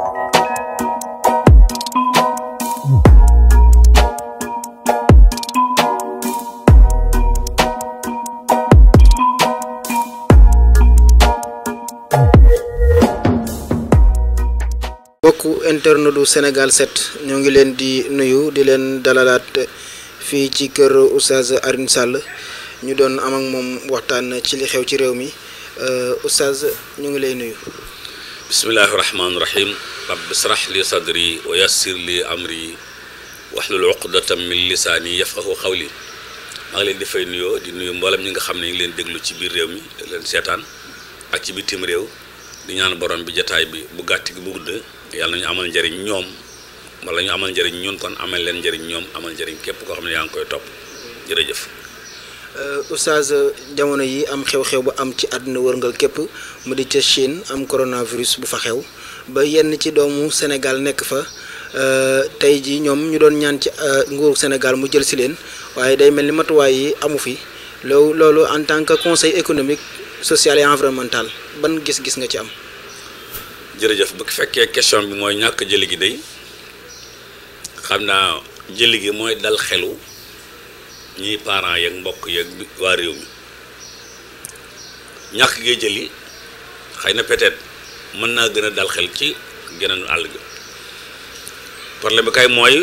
bokk internet senegal set ñoo ngi leen di nuyu di leen dalalaat fii ci kër oustaz Alioune ñu doon am ak moom waxtaan ci li xew ci réew mi euh, oustaz ñu ngi lay nuyu. bismillaahi rahmaani rahiim rabbi shrah li sadri wa yassir li amri wahlul uqdatam min lisaani yafqahu qawli maa ngi leen di fay nuyoo di nuyu mboolem ñi nga xam ne ñu ngi leen déglu ci biir réew mi leen seetaan ak ci bitim réew di ñaan borom bi jataay bi bu gàtt gi bu gudd yàlla ñu amal njëriñ ñoom wala ñu amal njëriñ ñun kon amal leen njëriñ ñoom amal njëriñ képp koo xam ne yaa ngi koy topp jërëjëf Euh, Oustaz euh, jamono yi am xew-xew bu am ci àdduna wërngal képp mu di ca Chine am coronavirus bu fa xew ba yenn ci doomu Sénégal nekk fa euh, tey ji ñoom ñu doon ñaan ci nguuru Sénégal mu jël si leen waaye day mel ni matuwaay yi amu fi loolu loolu en tant que conseil économique social et environnemental ban gis-gis nga ci am. jërëjëf bu fekkee question bi mooy ñàkk jëli gi day xam naa jëli gi mooy dal xelu. ñii parent yeeg mbokk yeeg waa réew mi ñàkk gee jëli xëy na peut-être mën naa gën a dal xel ci geneen àll gi parle bi kay mooy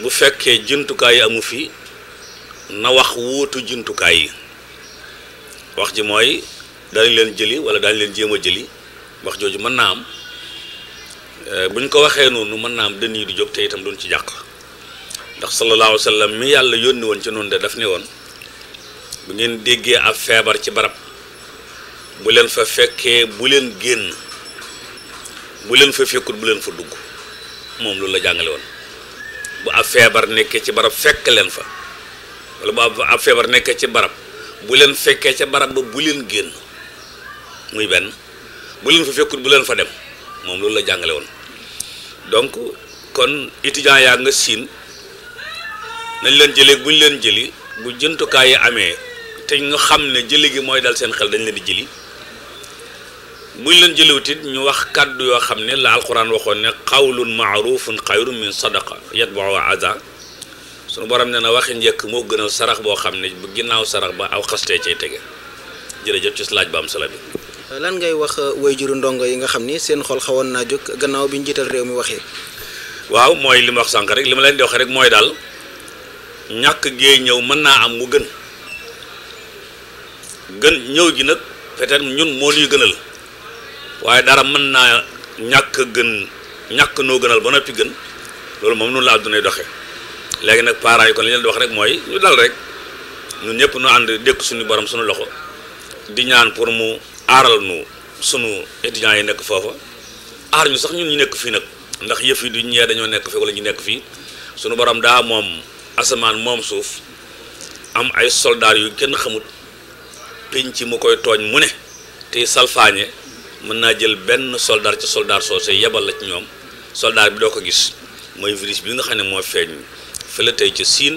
bu fekkee jumtukaay yi amu fi na wax wuutu jumtukaay yi wax ji mooy dañ leen jëli wala dañ leen jéem a jëli wax jooju mën naa am eh, bu ñu ko waxee noonu mën naa am dënn yi di jóg te itam duñ ci jàq ndax sallallahu alayhi wa sallam mi yàlla yónni woon ci noonu de daf ne woon bu ngeen déggee ab feebar ci barab bu leen fa fekkee bu leen génn bu leen fa fekkut bu leen fa dugg moom loolu la jàngale woon bu ab feebar nekkee ci barab fekk leen fa wala bu feebar nekkee ci barab bu leen fekkee ci barab ba bu leen génn muy benn bu leen fa fekkut bu leen fa dem moom loolu la jàngale woon donc kon étudiant yaa nga siin nañ leen jëlee buñ leen jëli bu jëntukaay yi amee te ñu xam ne jëli gi mooy dal seen xel dañu leen di jëli buñ leen jëliwut it ñu wax kàddu yoo xam ne la alquran waxoon ne qawlun maarufun xayrun min sadaqa yatbau aza sunu borom ne na waxi njëkk moo gënal sarax boo xam ne bu ginnaaw sarax ba aw xastee cay tege jot ci laaj ba am solo bi lan ngay wax euh, juru ndongo yi nga xam ni seen xol xawoon naa jóg gannaaw bi njiital réew mi waxee waaw mooy li ma wax sànq rek li ma leen di rek mooy daal ñàkk gee ñëw mën naa am mu gën gën ñëw gi nag peut-être ñun moo ñuy gënal waaye dara mën naa ñàkk gën ñàkk noo gënal ba noppi gën loolu moom noonu la àddunay doxe léegi nag parents yi kon li ñu wax rek mooy ñu dal rek ñun ñëpp nu ànd dékk suñu borom suñu loxo di ñaan pour mu aaral nu sunu étudiants yi nekk foofa aar ñu sax ñun ñu nekk fii nag ndax yëf yi du ñee dañoo nekk fii wala ñu nekk fii sunu borom daa moom asamaan moom suuf am ay soldaar yu kenn xamut penc mu koy tooñ mu ne te salfaañe mën naa jël benn soldaar ci soldaar soose yebal la ci ñoom soldaar bi doo ko gis mooy virus bi nga xam ne moo feeñ fële tey ci siin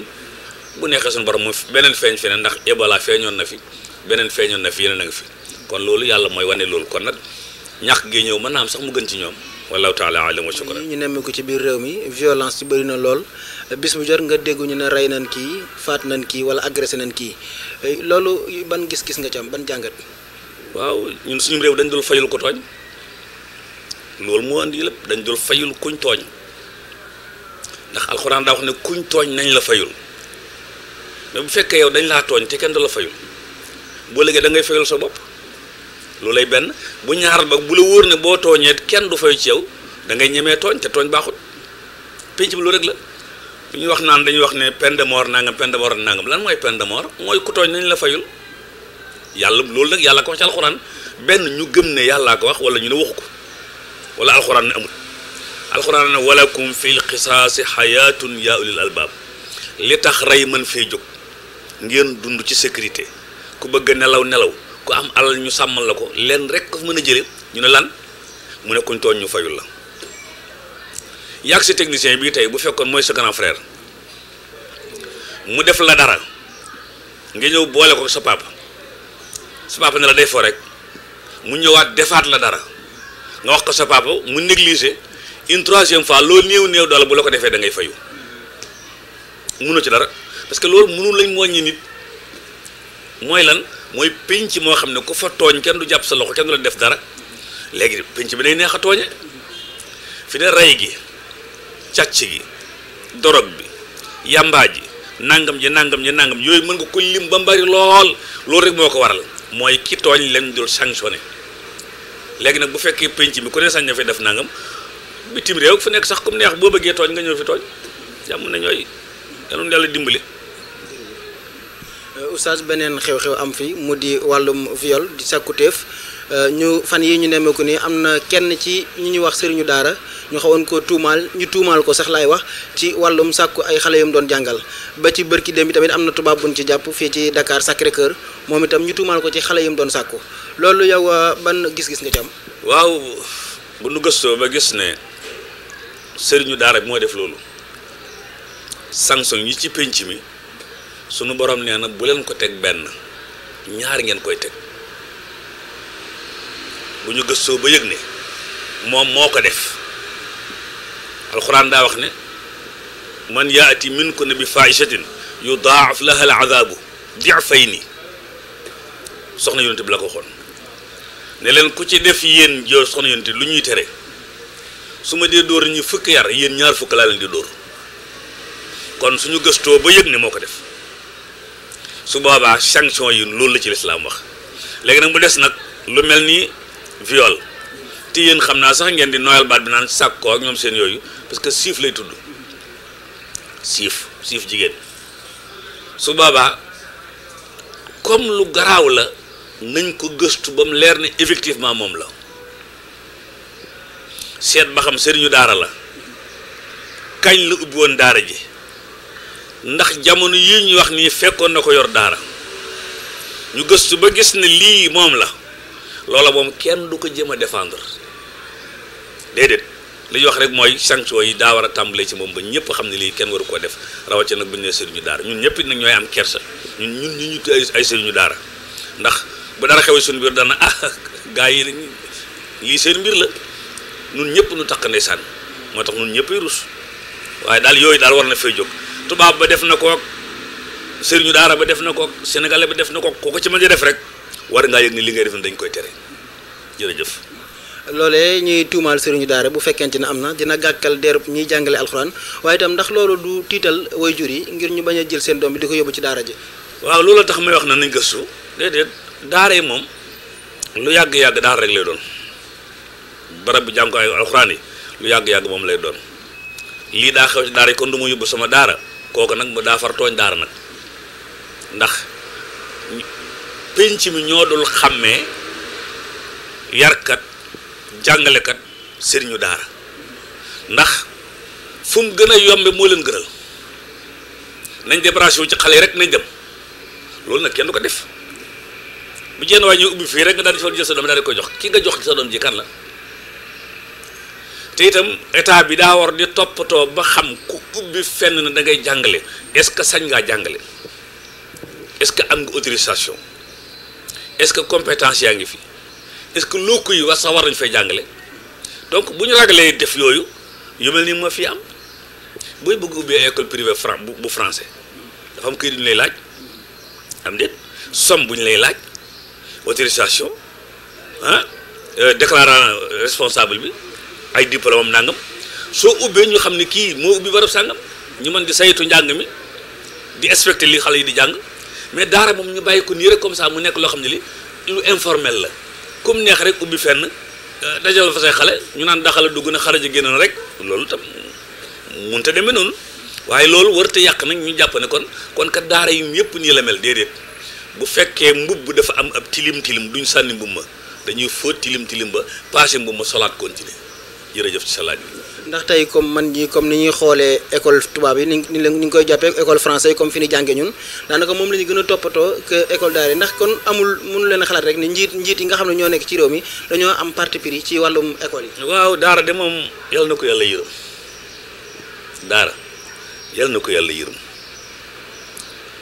bu neexee suñu borom mu beneen feeñ feneen ndax Ebola feeñoon na fi beneen feeñoon na fi yeneen a nga fi kon loolu yàlla mooy wane loolu kon nag ñàkk gi ñëw mën naa am sax mu gën ci ñoom wallahu taala alam wa shukran ñu nemmi ko ci biir réew mi violence ci bëri na lool bis bu jot nga dégguñu ne rey nañ kii faat nañ kii wala agressé nañ kii eh, loolu ban gis-gis nga ci am ban jàngat. waaw ñun suñu réew dañ dul fayul ko tooñ loolu moo andi lépp dañ dul fayul kuñ tooñ ndax alxuraan daa wax ne kuñ tooñ nañ la fayul mais bu fekkee yow dañ laa tooñ te kenn du la fayul boo léegi da ngay fayul sa bopp loolu lay benn bu ñaar ba bu la wóor ne boo tooñee kenn du fayu ci yow dangay ñemee tooñ te tooñ baaxul pénc bi lu rek la. bi ñuy wax naan dañuy wax ne peine de mort nangam peine de mort nangam lan mooy peine de mort mooy ku tooñ nañ la fayul yàlla loolu nag yàlla ko wax ci alxuraan benn ñu gëm ne yàllaa ko wax wala ñu ne waxu ko wala alxuraan ne amul alxuraan ne walakum fil qisaasi xayaatun yaa ulil albaab li tax rey mën fee jóg ngeen dund ci sécurité ku bëgg nelaw nelaw ku am alal ñu sàmmal la ko leen rek ko mën a jëlee ñu ne lan mu ne kuñ tooñ ñu fayul la yàgg si technicien bi tey bu fekkoon mooy sa grand mu def la dara nga ñëw boole ko sa papa sa papa ne la day fo rek mu ñëwaat defaat la dara nga wax ko sa papa mu négliger une troisième fois loo néew néew doole bu la ko defee da ngay fayu mënu ci dara parce que loolu mënul lañ mooññi nit mooy lan mooy pénc moo xam ne ku fa tooñ kenn du jàpp sa loxo kenn du la def dara léegi pénc bi day neex a tooñe fi ne rey gi càcc gi dorog bi yàmbaa ji nangam ji nangam ji nangam yooyu mën nga ko lim ba mbari lool loolu rek moo ko waral mooy ki tooñ leen dul sanctionné léegi nag bu fekkee penc mi ku ne sañ na def nangam bitim réew fu nekk sax comme neex boo bëggee tooñ nga ñëw fi tooñ jàmm na ñooy yàlla yàlla dimbali. oustaz beneen xew-xew am fi mu di wàllum viol di sàkkuteef Euh, ñu fan yi ñu nemmeeku nii am na kenn ci ñi ñu wax sëriñu daara ñu xawoon ko tuumaal ñu tuumaal ko sax laay wax ci wàllum sàkku ay xale yu mu doon jàngal ba ci bërki dem bi tamit am na tubaab buñ ci jàpp fii ci dakaar Sacré Cœur moom itam ñu tuumaal ko ci xale yu mu doon sàkku loolu yow euh, ban gis-gis nga ci waaw bu nu gëstoo ba gis ne sëriñu daara bi moo def loolu sanction yi ci pinc mi sunu borom nee na bu leen ko teg benn ñaari ngeen koy teg bu ñu gëstoo ba yëg ne moom moo ko def alxuraan daa wax ne man yaati minkunna bi faahishatin yudaaf laha al azaabu difayni soxna yonent bi la ko waxoon ne leen ku ci def yéen yow soxna yonent lu ñuy tere su ma dee dóor ñu fukk yar yéen ñaar fukk laa leen di dóor kon suñu gëstoo ba yëg ne moo ko def su boobaa sanction yi loolu la ci lislaam wax léegi nag mu des nag lu mel ni viol te yéen xam naa sax ngeen di noyal baat bi naan sàkkoo ak ñoom seen yooyu parce que siif lay tudd siif siif jigéen su boobaa comme lu garaaw la nañ ko gëstu ba mu leer ne effectivement moom la seet ba xam sëriñu daara la kañ la ubbi daara ji ndax jamono yi ñuy wax nii fekkoon na ko yor daara ñu gëstu ba gis ne lii moom la loola moom kenn du ko jéem a défendre déedéet li ñu wax rek mooy sanction yi daa war a tàmbalee ci moom ba ñëpp xam ne lii kenn waru koo def rawatina nag bu ñu nee sëriñu daara ñun ñëpp it nag ñooy am kersa ñun ñun ñu ñu ay ay sëriñu daara ndax bu dara xewee suñu biir dana ah gaa yi lii seen mbir la ñun ñëpp ñu takk ndeysaan moo tax ñun ñëpp rus waaye daal yooyu daal war na fay jóg tubaab ba def na kook sëriñu daara ba def na ko sénégalais ba def na kook ci mën a def rek. war ngaa yëg ni li ngay def dañ koy tere jërëjëf. loolee ñuy tuumaal sëriñu daara bu fekkente ne am na dina gàkkal deerub ñuy jàngale alxuraan waaye itam ndax loolu du tiital jur yi ngir ñu bañ a jël seen doom bi di ko yóbbu ci daara ji. waaw loolu tax may wax na nañ gëstu déedéet daara yi moom lu yàgg yàgg daara rek lay doon barab bu jàng ay alxuraan yi lu yàgg yàgg moom lay doon lii daa xew ci daara yi kon du ma yóbbu sama daara kooku nag mu daa far tooñ pénc mi ñoo dul xàmmee yarkat jàngalekat sëriñu daara ndax fu mu gën a yombe moo leen gënal nañ débranché wu ci xale yi rek nañ dem loolu nag kenn ko def bu jenn waay ñuy ubbi fii rek nga daan fa jël sa doom daal di koy jox ki nga jox sa doom ji kan la te itam état bi daa war di toppatoo ba xam ku ubbi fenn na da ngay jàngale est-ce que sañ ngaa jàngale est-ce que am nga autorisation est-ce que compétence yaa ngi fi est-ce que locaux yi war sax war nañu fay jàngale donc bu ñu ragalee def yooyu yu mel ni ma fi am booy bëgg ubbi école privée fran bu français dafa am këyit yu ñu lay laaj am déet somme bu ñu lay laaj autorisation ah euh, déclarant responsable bi ay diplôme am soo ubbee ñu xam ne kii moo ubbi barab sàngam ñu mën di saytu njàng mi di respecté li xale yi di jàng. mais daara moom ñu bàyyi ko nii rek comme ça mu nekk loo xam ne li lu informel la comme neex rek ubbi fenn euh, dajal fa say xale ñu naan daxala dugg na xaraja génn na rek loolu tam munte demee noonu waaye loolu war te yàq nañ ñu jàpp ne kon kon kat daara yi yëpp nii la mel déedéet bu fekkee mbubb dafa am ab tilim tilim duñ sànni mbubb ma dañuy fóot tilim tilim ba passé mbubb ma solaat continuer jërëjëf ci sa laaj bi ndax tey comme man ji comme ni ñuy xoole école tubaab yi ni ñu ni koy jàppee école français comme fi ñu jàngee ñun daanaka moom la ñu gën a toppatoo que école daara ndax kon amul mënu leen xalaat rek ni njiit njiit yi nga xam ne ñoo nekk ci réew mi dañoo am parti pris ci wàllum école yi. waaw daara de moom yal na ko yàlla yërëm daara yal na yàlla yërëm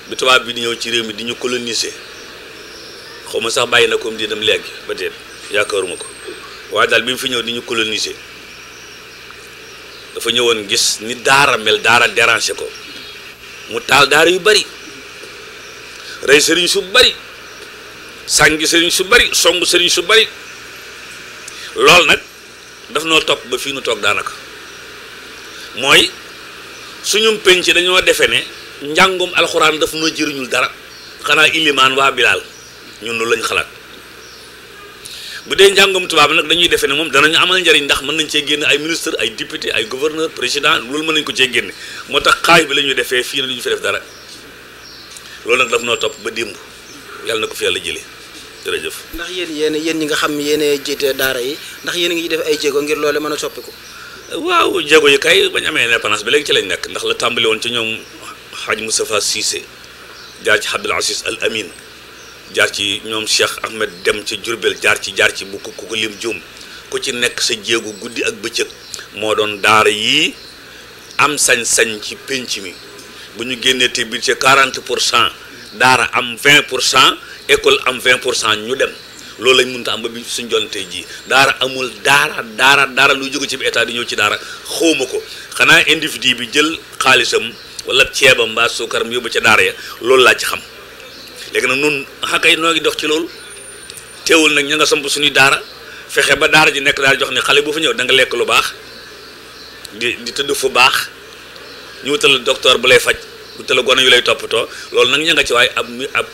bi tubaab bi di ñëw ci réew mi di ñu coloniser xaw ma sax bàyyi na ko di dem léegi ba tey yaakaaruma ko waaye dafa ñëwoon gis ni daara mel daara déranger ko mu taal daara yu bari rey sëriñ su bari sàngi sëriñ su bari song sëriñ su bari lool nag daf noo topp ba fii nu toog daanaka mooy suñu penc dañoo defe ne njàngum alxuraan daf noo jëriñul dara xanaa ilimaan waa bilaal ñun nu lañ xalaat bu dee njàngum tubaab nag dañuy defee ne moom danañu amal njariñ ndax mën nañ cee génne ay ministre ay député ay gouverneur président loolu mën nañ ko cee génne moo tax xaay bi la ñuy defee fii na lu ñu fi def dara loolu nag daf noo topp ba dimb yàlla na ko fi yàlla jële jërëjëf. ndax yéen yéen yéen ñi nga xam yéen jiite daara yi ndax yéen a ngi def ay jéego ngir loole mën a soppiku waaw jéego yi kay bañ amee indépendance bi léegi ci lañ nekk ndax la tàmbali woon ci ñoom xaaj Moustapha Cissé jaar ci Abdoul Aziz Al Amin jaar ci ñoom Cheikh Ahmed dem ca Jurbel jaar ci jaar ci bu ku ku lim juum ku ci nekk sa jéegu guddi ak bëccëg moo doon daara yii am sañ-sañ ci pénc mi bu ñu génnee te budget ci 40 pour cent daara am 20 pour cent école am 20 pour cent ñu dem loolu lañ mënta am ba bi suñ jonte ji daara amul daara daara daara lu jóge ci bi état di ñëw ci daara xawuma ko xanaa individu bi jël xaalisam wala ceebam mbaa suukaram yóbbu ca daara ya loolu laa ci xam léegi nag nun xakay noo ngi dox ci loolu teewul nag ña nga suñuy daara fexe ba daara ji nekk daal jox ne xale boo fa ñëw da nga lekk lu baax di di tëdd fu baax ñu wutal docteur bu lay faj wutal gone yu lay toppatoo loolu nag ña nga ci waaye am ab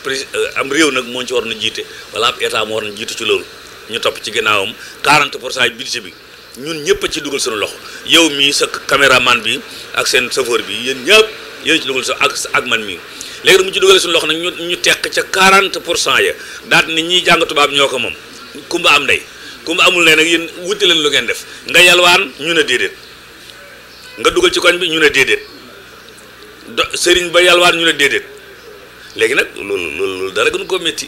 am euh, réew nag moo ci war na jiite wala ab état moo war na jiitu ci loolu ñu topp ci ginnaawam 40 pour cent bi ñun ñëpp ci dugal suñu loxo yow mii sa caméraman bi ak seen chauffeur bi yéen ñëpp yéen ci sa ak ak man mii léegi nag mu ci dugalee suñu loxo nag ñu ñu teq ca 40 pour cent ya daat ni ñiy jàng tubaab ñoo ko moom kumba am ndey kumba amul ne nag yéen wuti leen lu ngeen def nga yalwaan ñu ne déedéet nga dugal ci koñ bi ñu ne déedéet do sëriñ ba yalwaan ñu ne déedéet léegi nag loolu loolu dara gën koo métti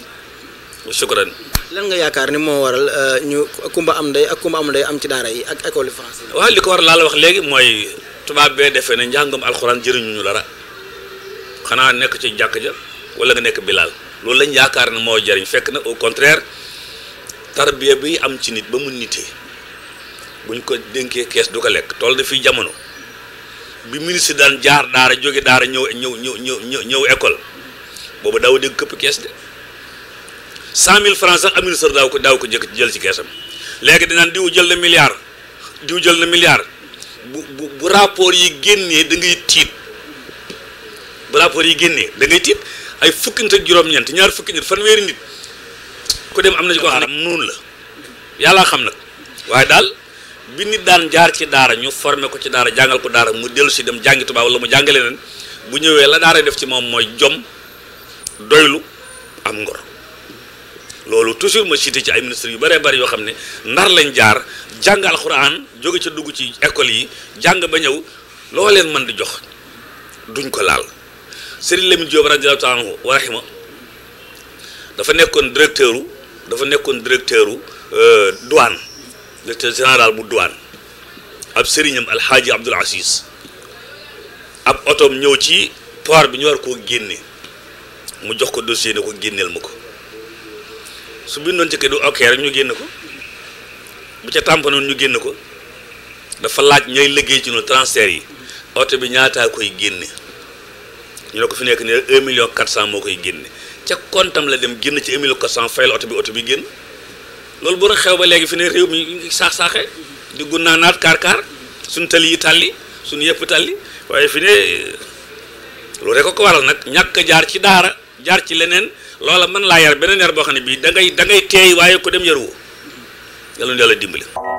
shukran lan nga yaakaar ni moo waral euh, ñu kumba am ndey ak kumba amul ndey am ci daara yi ak école française. waaw li ko war laa wax léegi mooy tubaab bee defee ne njàngam alxuraan jëriñu ñu dara. xanaa nekk ci jàkk ja wala nga nekk bilaal loolu lañ yaakaar ne moo jariñ fekk na au contraire tarbiya bi am ci nit ba mu nitee buñ ko dénkee kees du ko lekk tool na jamono bi ministre daan jaar daara jóge daara ñëw ñëw ñëw ñëw ñëw école boobu daaw dégg këpp kees de cent mille francs sax administrateur daaw ko daaw ko jëkk jël ci keesam léegi dinaan diw jël na milliard diw jël na milliard bu bu bu rapport yi génnee da bu rapport yi génnee da tiit ay fukki nit ñeent ñaar fukki fan fanweeri nit ku dem am na ci ko xam ne la yàlla xam nag waaye daal bi nit daan jaar ci daara ñu formé ko ci daara jàngal ko daara mu dellu si dem jàngi tubaab wala mu jàngale leen bu ñëwee la daara def ci moom mooy jom doylu am ngor loolu toujours ma cité ci ay ministres yu bëree bëri yoo xam ne ndar lañ jaar jàng alxuraan jóge ca dugg ci école yi jàng ba ñëw loo leen mën di jox duñ ko laal Serigne Lamine Diop radiyallahu taala anhu wa dafa nekkoon directeur dafa nekkoon directeur euh, douane directeur général bu douane ab sëriñam alxaaji Abdul Aziz ab otoom ñëw ci port bi ñu war koo génne mu jox ko dossier ne ko génneel ma ko su bindoon ci kay du ok rek ñu génn ko bu ca tàmpanoon ñu génn ko dafa laaj ñooy liggéey ci nu transfert yi oto bi ñaataa koy génne ñu ne ko fi nekk ne un million quatre cent moo koy génne ca kontam la dem génn ci un million quatre cent fayal oto bi oto bi génn loolu bu xew ba léegi fi ne réew mi saax saaxe di gunnaa naat kaar kaar suñu tali yi tàlli suñu yëpp tàlli waaye fi ne loolu rek ko waral nag ñàkk jaar ci daara jaar ci leneen loola mën laa yar beneen yar boo xam ne bii da ngay da ngay teey waaye ko dem yar woo yàlla nu dimbali